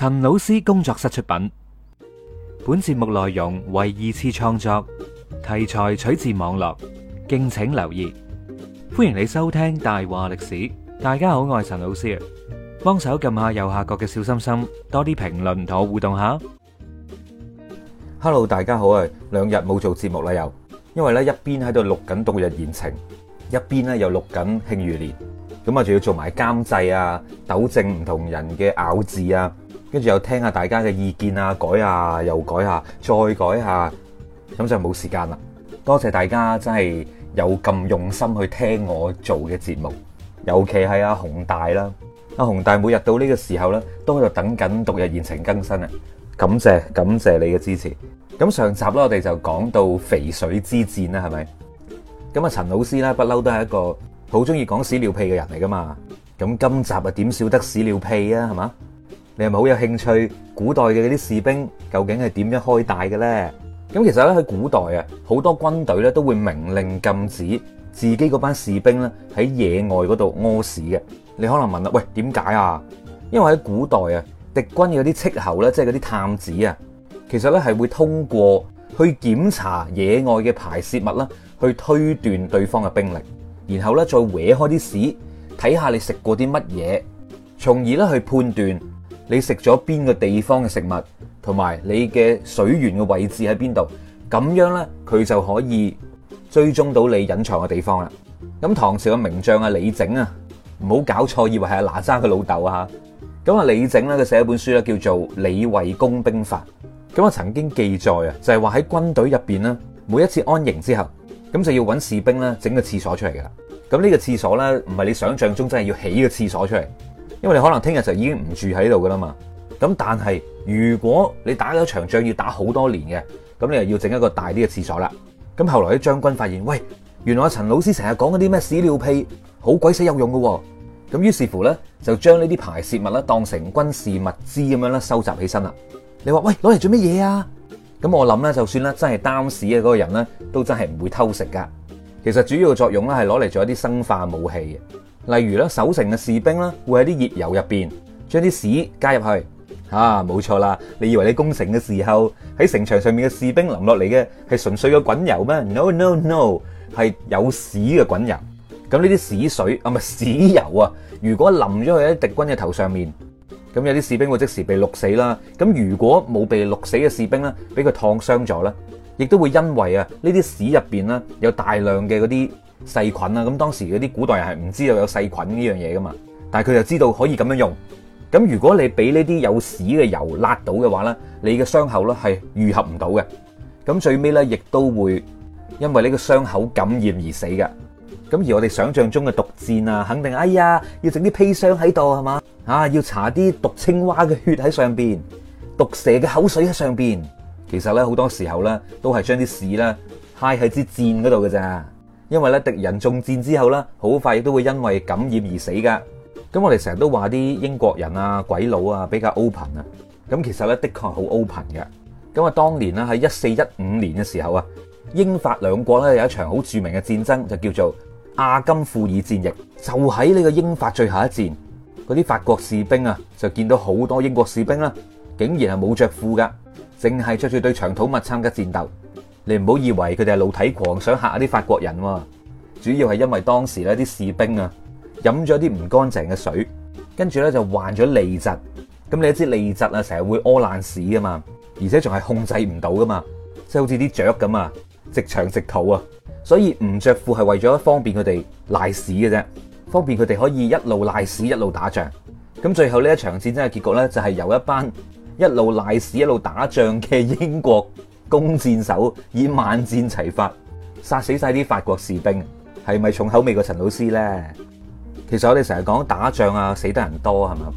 陳老師工作室出品。本節目內容為二次創作，題材取自網絡，敬請留意。歡迎你收聽《大話歷史》。大家好，我係陳老師，幫手撳下右下角嘅小心心，多啲評論同我互動下。Hello，大家好啊！兩日冇做節目啦，又因為咧一邊喺度錄緊《度日言情》，一邊咧又錄緊《慶餘年》，咁啊仲要做埋監製啊、糾正唔同人嘅咬字啊。跟住又聽下大家嘅意見啊，改下，又改下，再改下，咁就冇時間啦。多謝大家真係有咁用心去聽我做嘅節目，尤其係阿洪大啦，阿洪大每日到呢個時候呢，都喺度等緊《獨日現情》更新啊！感謝感謝你嘅支持。咁上集呢，我哋就講到肥水之戰啦，係咪？咁啊，陳老師呢，不嬲都係一個好中意講屎尿屁嘅人嚟噶嘛。咁今集啊，點少得屎尿屁啊，係嘛？你係咪好有興趣古代嘅嗰啲士兵究竟係點樣開大嘅呢？咁其實咧喺古代啊，好多軍隊咧都會明令禁止自己嗰班士兵咧喺野外嗰度屙屎嘅。你可能問啦，喂，點解啊？因為喺古代啊，敵軍有啲斥候咧，即係嗰啲探子啊，其實咧係會通過去檢查野外嘅排泄物啦，去推斷對方嘅兵力，然後咧再搲開啲屎睇下你食過啲乜嘢，從而咧去判斷。你食咗邊個地方嘅食物，同埋你嘅水源嘅位置喺邊度？咁樣呢，佢就可以追蹤到你隱藏嘅地方啦。咁唐朝嘅名將啊李靖啊，唔好搞錯，以為係阿哪吒嘅老豆啊！咁啊李靖呢，佢寫一本書咧，叫做《李衛公兵法》。咁啊曾經記載啊，就係話喺軍隊入邊呢，每一次安營之後，咁就要揾士兵呢整個廁所出嚟㗎啦。咁呢個廁所呢，唔係你想象中真係要起個廁所出嚟。因為你可能聽日就已經唔住喺度噶啦嘛，咁但係如果你打咗場仗要打好多年嘅，咁你又要整一個大啲嘅廁所啦。咁後來啲將軍發現，喂，原來阿陳老師成日講嗰啲咩屎尿屁好鬼死有用喎！咁於是乎呢，就將呢啲排泄物咧當成軍事物資咁樣咧收集起身啦。你話喂攞嚟做乜嘢啊？咁我諗呢，就算啦真係擔屎嘅嗰個人呢，都真係唔會偷食噶。其實主要作用呢，係攞嚟做一啲生化武器嘅。例如啦，守城嘅士兵啦，會喺啲熱油入邊，將啲屎加入去。吓、啊，冇錯啦，你以為你攻城嘅時候，喺城牆上面嘅士兵淋落嚟嘅係純粹嘅滾油咩？No no no，係有屎嘅滾油。咁呢啲屎水啊，唔係屎油啊。如果淋咗去喺敵軍嘅頭上面，咁有啲士兵會即時被淥死啦。咁如果冇被淥死嘅士兵咧，俾佢燙傷咗咧，亦都會因為啊呢啲屎入邊咧有大量嘅嗰啲。細菌啊，咁當時嗰啲古代人係唔知道有細菌呢樣嘢噶嘛，但係佢就知道可以咁樣用。咁如果你俾呢啲有屎嘅油辣到嘅話呢，你嘅傷口呢係愈合唔到嘅。咁最尾呢，亦都會因為呢個傷口感染而死嘅。咁而我哋想象中嘅毒箭、哎、呀啊，肯定哎呀要整啲砒霜喺度係嘛？啊要搽啲毒青蛙嘅血喺上邊，毒蛇嘅口水喺上邊。其實呢，好多時候呢，都係將啲屎呢，揩喺支箭嗰度嘅咋。因為咧敵人中箭之後咧，好快亦都會因為感染而死噶。咁我哋成日都話啲英國人啊、鬼佬啊比較 open 啊。咁其實呢，的確好 open 嘅。咁啊當年呢，喺一四一五年嘅時候啊，英法兩國呢有一場好著名嘅戰爭，就叫做阿金庫爾戰役。就喺呢個英法最後一戰，嗰啲法國士兵啊就見到好多英國士兵啦，竟然係冇着褲㗎，淨係着住對長筒襪參加戰鬥。你唔好以為佢哋係露體狂，想嚇啲法國人喎、啊。主要係因為當時呢啲士兵啊飲咗啲唔乾淨嘅水，跟住呢就患咗痢疾。咁你知痢疾啊，成日會屙爛屎噶嘛，而且仲係控制唔到噶嘛，即係好似啲雀咁啊，直腸直肚啊。所以唔着褲係為咗方便佢哋瀨屎嘅啫，方便佢哋可以一路瀨屎一路打仗。咁最後呢一場戰爭嘅結局呢，就係、是、由一班一路瀨屎一路打仗嘅英國弓箭手，以萬箭齊發殺死晒啲法國士兵，係咪重口味過陳老師呢？其實我哋成日講打仗啊，死得人多係嘛？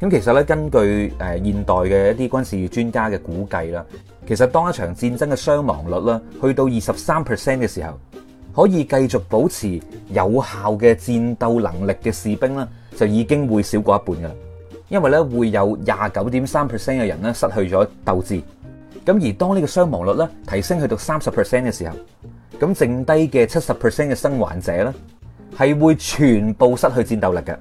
咁其實呢根據誒、呃、現代嘅一啲軍事專家嘅估計啦，其實當一場戰爭嘅傷亡率啦去到二十三 percent 嘅時候，可以繼續保持有效嘅戰鬥能力嘅士兵呢，就已經會少過一半噶啦，因為呢，會有廿九點三 percent 嘅人呢，失去咗鬥志。咁而當呢個傷亡率咧提升去到三十 percent 嘅時候，咁剩低嘅七十 percent 嘅生還者咧，係會全部失去戰鬥力嘅。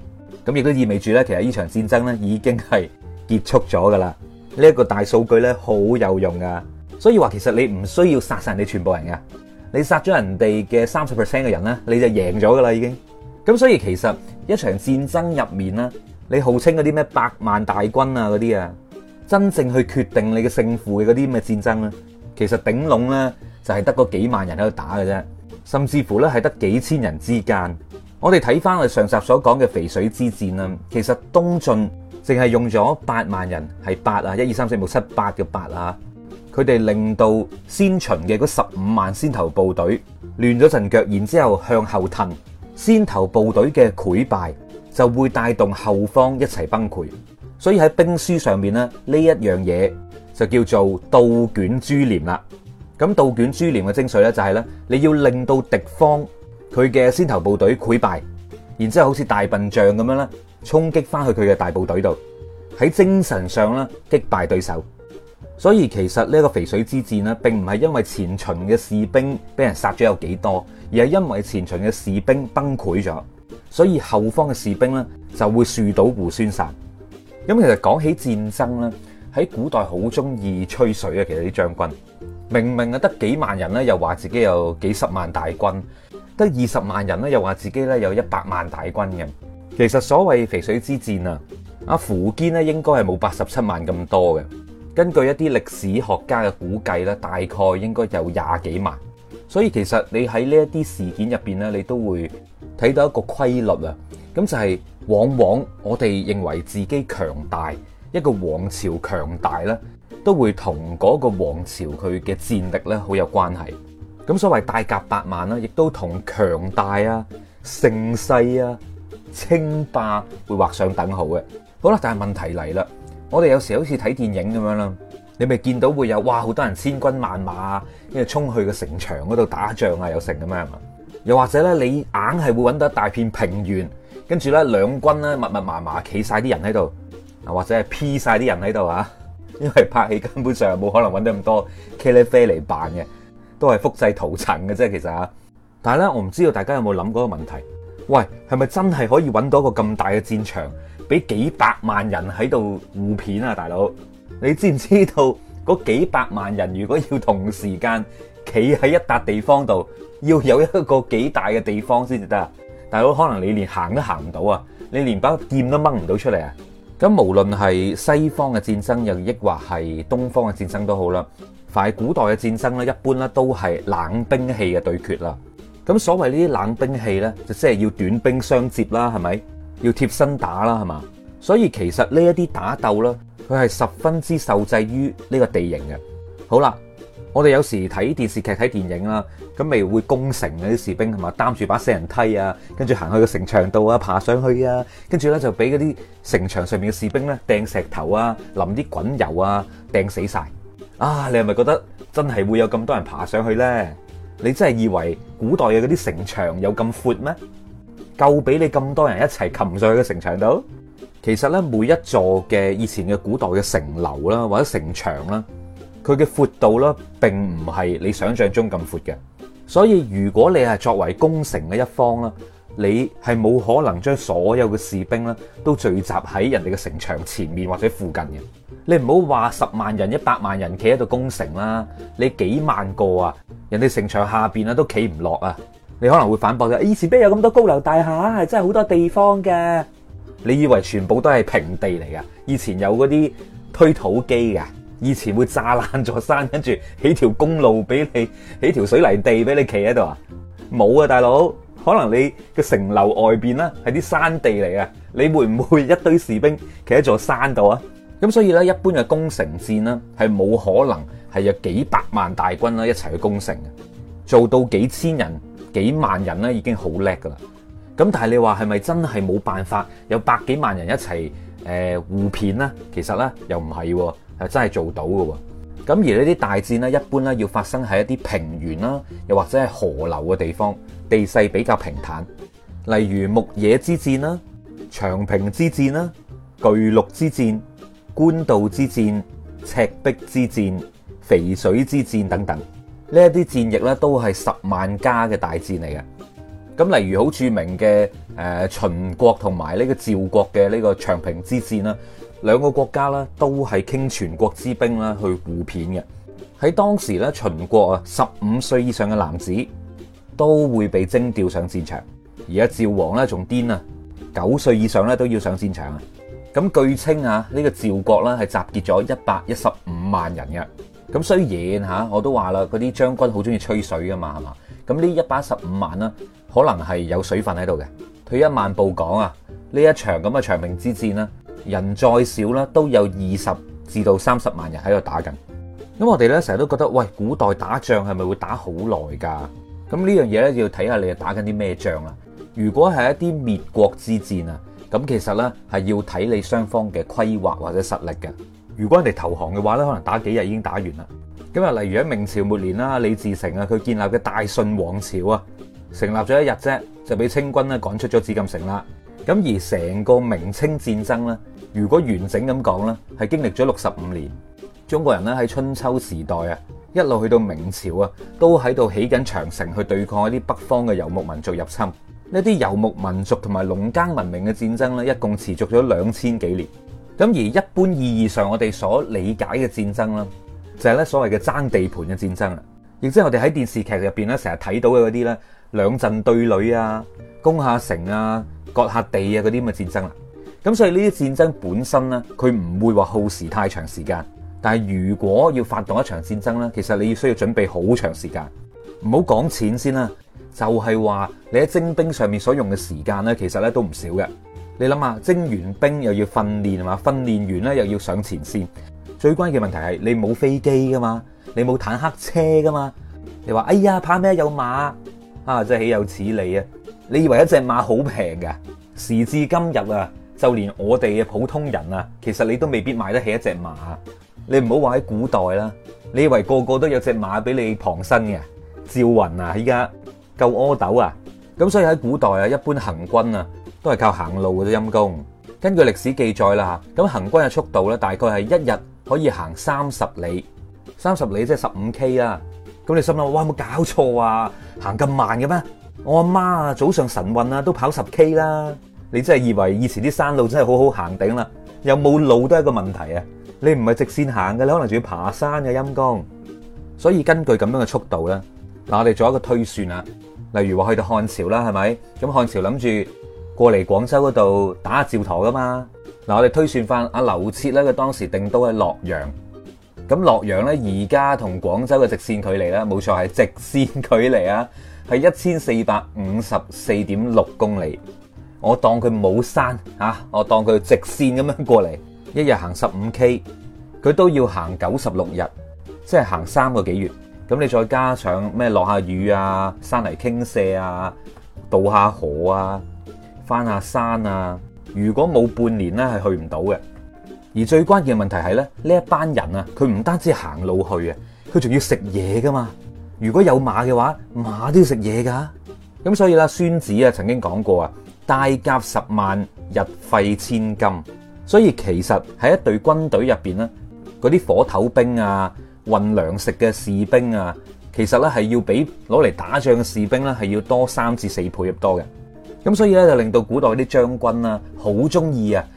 咁亦都意味住咧，其實呢場戰爭咧已經係結束咗噶啦。呢一個大數據咧好有用噶，所以話其實你唔需要殺晒你全部人㗎，你殺咗人哋嘅三十 percent 嘅人咧，你就贏咗噶啦已經了了。咁所以其實一場戰爭入面呢，你號稱嗰啲咩百萬大軍啊嗰啲啊～真正去決定你嘅勝負嘅嗰啲咩戰爭呢？其實頂籠呢，就係得嗰幾萬人喺度打嘅啫，甚至乎呢，係得幾千人之間。我哋睇翻我上集所講嘅淝水之戰啊。其實東晉淨係用咗八萬人，係八啊，一二三四五六七八嘅八啊，佢哋令到先秦嘅嗰十五萬先頭部隊亂咗陣腳，然之後向後騰，先頭部隊嘅潰敗就會帶動後方一齊崩潰。所以喺兵書上面咧，呢一樣嘢就叫做倒卷珠簾啦。咁倒卷珠簾嘅精髓呢，就係咧，你要令到敵方佢嘅先頭部隊潰敗，然之後好似大笨象咁樣咧，衝擊翻去佢嘅大部隊度，喺精神上咧擊敗對手。所以其實呢一個淝水之戰呢，並唔係因為前秦嘅士兵俾人殺咗有幾多，而係因為前秦嘅士兵崩潰咗，所以後方嘅士兵呢，就會樹倒猢猻散。咁其實講起戰爭呢，喺古代好中意吹水啊！其實啲將軍明明啊得幾萬人咧，又話自己有幾十萬大軍；得二十萬人咧，又話自己咧有一百萬大軍嘅。其實所謂淝水之戰啊，阿苻堅呢應該係冇八十七萬咁多嘅。根據一啲歷史學家嘅估計呢，大概應該有廿幾萬。所以其實你喺呢一啲事件入邊呢，你都會睇到一個規律啊，咁就係往往我哋認為自己強大，一個王朝強大呢，都會同嗰個王朝佢嘅戰力呢好有關係。咁所謂大甲百萬啦，亦都同強大啊、盛世啊、稱霸會畫上等號嘅。好啦，但係問題嚟啦，我哋有時好似睇電影咁樣啦，你咪見到會有哇好多人千軍萬馬，因為衝去個城牆嗰度打仗啊，有成咁樣嘛？又或者咧，你硬係會揾到一大片平原，跟住咧兩軍密密麻麻企晒啲人喺度，啊或者係 P 晒啲人喺度啊，因為拍戲根本上冇可能揾到咁多茄喱啡嚟扮嘅，都係複製圖層嘅啫，其實但係呢，我唔知道大家有冇諗過個問題，喂，係咪真係可以揾到個咁大嘅戰場，俾幾百萬人喺度互片啊，大佬，你知唔知道嗰幾百萬人如果要同時間？企喺一笪地方度，要有一個幾大嘅地方先至得啊！大佬，可能你連行都行唔到啊，你連把劍都掹唔到出嚟啊！咁無論係西方嘅戰爭，又抑或係東方嘅戰爭都好啦，凡係古代嘅戰爭咧，一般咧都係冷兵器嘅對決啦。咁所謂呢啲冷兵器呢，就即係要短兵相接啦，係咪？要貼身打啦，係嘛？所以其實呢一啲打鬥呢，佢係十分之受制於呢個地形嘅。好啦。我哋有時睇電視劇睇電影啦，咁咪會攻城嗰啲士兵係嘛擔住把死人梯啊，跟住行去個城牆度啊，爬上去啊，跟住呢，就俾嗰啲城牆上面嘅士兵呢，掟石頭啊，淋啲滾油啊，掟死晒。啊，你係咪覺得真係會有咁多人爬上去呢？你真係以為古代嘅嗰啲城牆有咁闊咩？夠俾你咁多人一齊擒上去個城牆度？其實呢，每一座嘅以前嘅古代嘅城樓啦，或者城牆啦，佢嘅闊度啦，並唔係你想象中咁闊嘅。所以如果你係作為攻城嘅一方啦，你係冇可能將所有嘅士兵啦都聚集喺人哋嘅城牆前面或者附近嘅。你唔好話十萬人、一百萬人企喺度攻城啦，你幾萬個啊，人哋城牆下邊啊都企唔落啊。你可能會反駁，以前邊有咁多高樓大廈，係真係好多地方嘅。你以為全部都係平地嚟㗎？以前有嗰啲推土機㗎。以前會炸爛座山，跟住起條公路俾你，起條水泥地俾你企喺度啊！冇啊，大佬，可能你嘅城樓外邊呢係啲山地嚟啊！你會唔會一堆士兵企喺座山度啊？咁所以呢，一般嘅攻城戰呢係冇可能係有幾百萬大軍一齊去攻城，做到幾千人、幾萬人呢已經好叻噶啦。咁但係你話係咪真係冇辦法有百幾萬人一齊誒護片呢？其實呢，又唔係，啊。又真係做到嘅喎，咁而呢啲大戰咧，一般咧要發生喺一啲平原啦，又或者係河流嘅地方，地勢比較平坦，例如牧野之戰啦、長平之戰啦、巨鹿之戰、官渡之戰、赤壁之戰、淝水之戰等等，呢一啲戰役咧都係十萬家嘅大戰嚟嘅。咁例如好著名嘅誒秦國同埋呢個趙國嘅呢個長平之戰啦。兩個國家咧都係傾全國之兵咧去護片嘅。喺當時咧，秦國啊，十五歲以上嘅男子都會被徵調上戰場。而家趙王咧仲癲啊，九歲以上咧都要上戰場啊。咁據稱啊，呢個趙國咧係集結咗一百一十五萬人嘅。咁雖然嚇，我都話啦，嗰啲將軍好中意吹水噶嘛，係嘛？咁呢一百一十五萬啦，可能係有水分喺度嘅。退一萬步講啊，呢一場咁嘅長平之戰咧。人再少咧，都有二十至到三十萬人喺度打緊。咁我哋呢成日都覺得，喂，古代打仗係咪會打好耐㗎？咁呢樣嘢呢，要睇下你打緊啲咩仗啦啊。如果係一啲滅國之戰啊，咁其實呢係要睇你雙方嘅規劃或者實力嘅。如果人哋投降嘅話呢，可能打幾日已經打完啦。咁啊，例如喺明朝末年啦，李自成啊，佢建立嘅大順王朝啊，成立咗一日啫，就俾清軍咧趕出咗紫禁城啦。咁而成個明清戰爭咧，如果完整咁講咧，係經歷咗六十五年。中國人咧喺春秋時代啊，一路去到明朝啊，都喺度起緊長城去對抗一啲北方嘅遊牧民族入侵。呢啲遊牧民族同埋農耕文明嘅戰爭咧，一共持續咗兩千幾年。咁而一般意義上我哋所理解嘅戰爭啦，就係咧，所謂嘅爭地盤嘅戰爭啦，亦即係我哋喺電視劇入邊咧成日睇到嘅嗰啲咧。兩陣對壘啊，攻下城啊，割下地啊，嗰啲咁嘅戰爭啦、啊。咁所以呢啲戰爭本身呢，佢唔會話耗時太長時間。但係如果要發動一場戰爭呢，其實你要需要準備好長時間。唔好講錢先啦，就係、是、話你喺徵兵上面所用嘅時間呢，其實呢都唔少嘅。你諗下，徵完兵又要訓練，係嘛？訓練完呢又要上前線。最關鍵問題係你冇飛機㗎嘛，你冇坦克車㗎嘛？你話哎呀，怕咩？有馬。啊！真係豈有此理啊！你以為一隻馬好平㗎？時至今日啊，就連我哋嘅普通人啊，其實你都未必買得起一隻馬、啊。你唔好話喺古代啦、啊，你以為個個都有隻馬俾你傍身嘅？趙雲啊，依家夠阿斗啊！咁所以喺古代啊，一般行軍啊，都係靠行路嘅都陰功。根據歷史記載啦、啊，咁行軍嘅速度咧，大概係一日可以行三十里，三十里即係十五 K 啊！咁你心諗，哇，有冇搞錯啊？行咁慢嘅咩？我阿媽啊，早上晨運啊，都跑十 K 啦。你真係以為以前啲山路真係好好行頂啦？有冇路都係一個問題啊！你唔係直線行嘅，你可能仲要爬山嘅陰功。所以根據咁樣嘅速度呢，嗱，我哋做一個推算啦。例如話去到漢朝啦，係咪？咁漢朝諗住過嚟廣州嗰度打趙佗噶嘛？嗱，我哋推算翻阿劉徹咧，佢當時定都喺洛陽。咁洛陽呢，而家同廣州嘅直線距離呢，冇錯係直線距離啊，係一千四百五十四點六公里。我當佢冇山吓，啊，我當佢直線咁樣過嚟，一日行十五 K，佢都要行九十六日，即係行三個幾月。咁你再加上咩落下雨啊、山泥傾瀉啊、渡下河啊、翻下山啊，如果冇半年呢，係去唔到嘅。而最關鍵嘅問題係咧，呢一班人啊，佢唔單止行路去啊，佢仲要食嘢噶嘛。如果有馬嘅話，馬都要食嘢噶。咁所以啦，孫子啊曾經講過啊，大甲十萬，日費千金。所以其實喺一隊軍隊入邊咧，嗰啲火頭兵啊、運糧食嘅士兵啊，其實咧係要比攞嚟打仗嘅士兵咧係要多三至四倍咁多嘅。咁所以咧就令到古代啲將軍啊好中意啊。很喜歡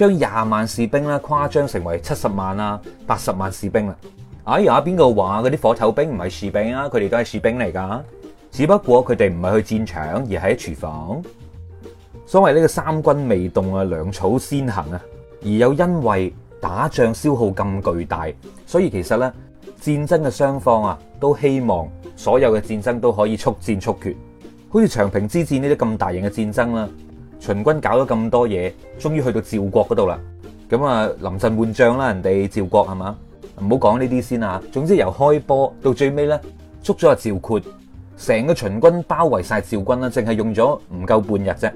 將廿萬士兵咧誇張成為七十萬啊、八十萬士兵啦。哎呀，邊個話嗰啲火頭兵唔係士兵啊？佢哋都係士兵嚟噶，只不過佢哋唔係去戰場，而係喺廚房。所謂呢個三軍未動啊，糧草先行啊。而又因為打仗消耗咁巨大，所以其實呢，戰爭嘅雙方啊，都希望所有嘅戰爭都可以速戰速決，好似長平之戰呢啲咁大型嘅戰爭啦、啊。秦軍搞咗咁多嘢，終於去到趙國嗰度啦。咁啊，臨陣換將啦，人哋趙國係嘛？唔好講呢啲先啊。總之由開波到最尾呢，捉咗阿趙括，成個秦軍包圍晒趙軍呢，淨係用咗唔夠半日啫。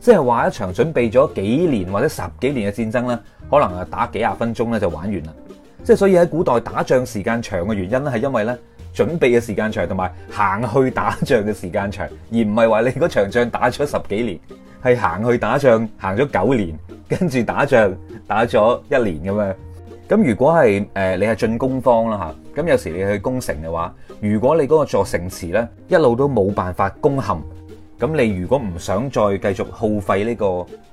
即係話一場準備咗幾年或者十幾年嘅戰爭呢，可能啊打幾廿分鐘呢就玩完啦。即係所以喺古代打仗時間長嘅原因咧，係因為呢準備嘅時間長同埋行去打仗嘅時間長，而唔係話你嗰場仗打咗十幾年。係行去打仗，行咗九年，跟住打仗打咗一年咁樣。咁如果係誒你係進攻方啦吓，咁有時你去攻城嘅話，如果你嗰個座城池呢一路都冇辦法攻陷，咁你如果唔想再繼續耗費呢個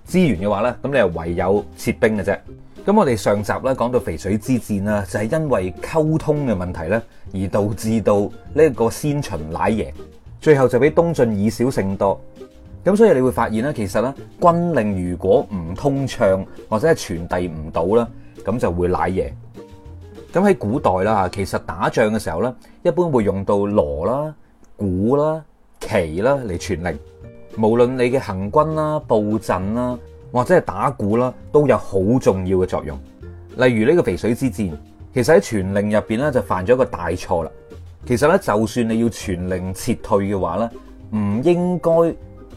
資源嘅話呢，咁你係唯有撤兵嘅啫。咁我哋上集呢講到淝水之戰啦，就係因為溝通嘅問題呢，而導致到呢個先秦乃贏，最後就俾東晉以少勝多。咁所以你會發現呢，其實呢，軍令如果唔通暢或者係傳遞唔到啦，咁就會瀨嘢。咁喺古代啦，其實打仗嘅時候呢，一般會用到鑼啦、鼓啦、旗啦嚟傳令。無論你嘅行軍啦、佈陣啦，或者係打鼓啦，都有好重要嘅作用。例如呢個淝水之戰，其實喺傳令入邊呢，就犯咗一個大錯啦。其實呢，就算你要傳令撤退嘅話呢，唔應該。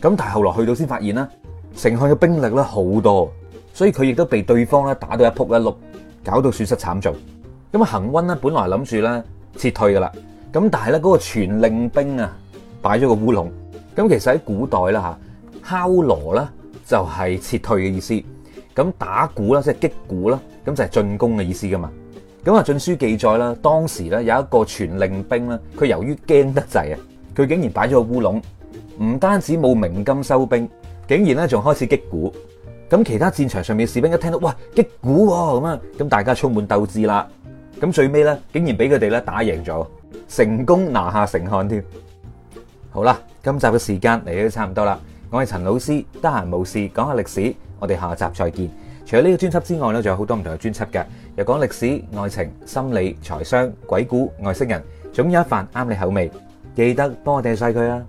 咁但係後來去到先發現啦，成漢嘅兵力咧好多，所以佢亦都被對方咧打到一仆一碌，搞到損失慘重。咁啊，桓溫咧，本來諗住咧撤退噶啦，咁但係咧嗰個傳令兵啊，擺咗個烏龍。咁其實喺古代啦嚇，敲鑼咧就係撤退嘅意思，咁打鼓啦即係擊鼓啦，咁就係、是、進攻嘅意思噶嘛。咁啊，晉書記載啦，當時咧有一個傳令兵咧，佢由於驚得滯啊，佢竟然擺咗個烏龍。唔單止冇鳴金收兵，竟然咧仲開始擊鼓咁。其他戰場上面士兵一聽到，哇，擊鼓咁、哦、咁大家充滿鬥志啦。咁最尾咧，竟然俾佢哋咧打贏咗，成功拿下成漢添。好啦，今集嘅時間嚟到都差唔多啦。我係陳老師，得閒無事講下歷史。我哋下集再見。除咗呢個專輯之外呢，仲有好多唔同嘅專輯嘅，又講歷史、愛情、心理、財商、鬼故、外星人，總有一瓣啱你口味。記得幫我訂晒佢啊！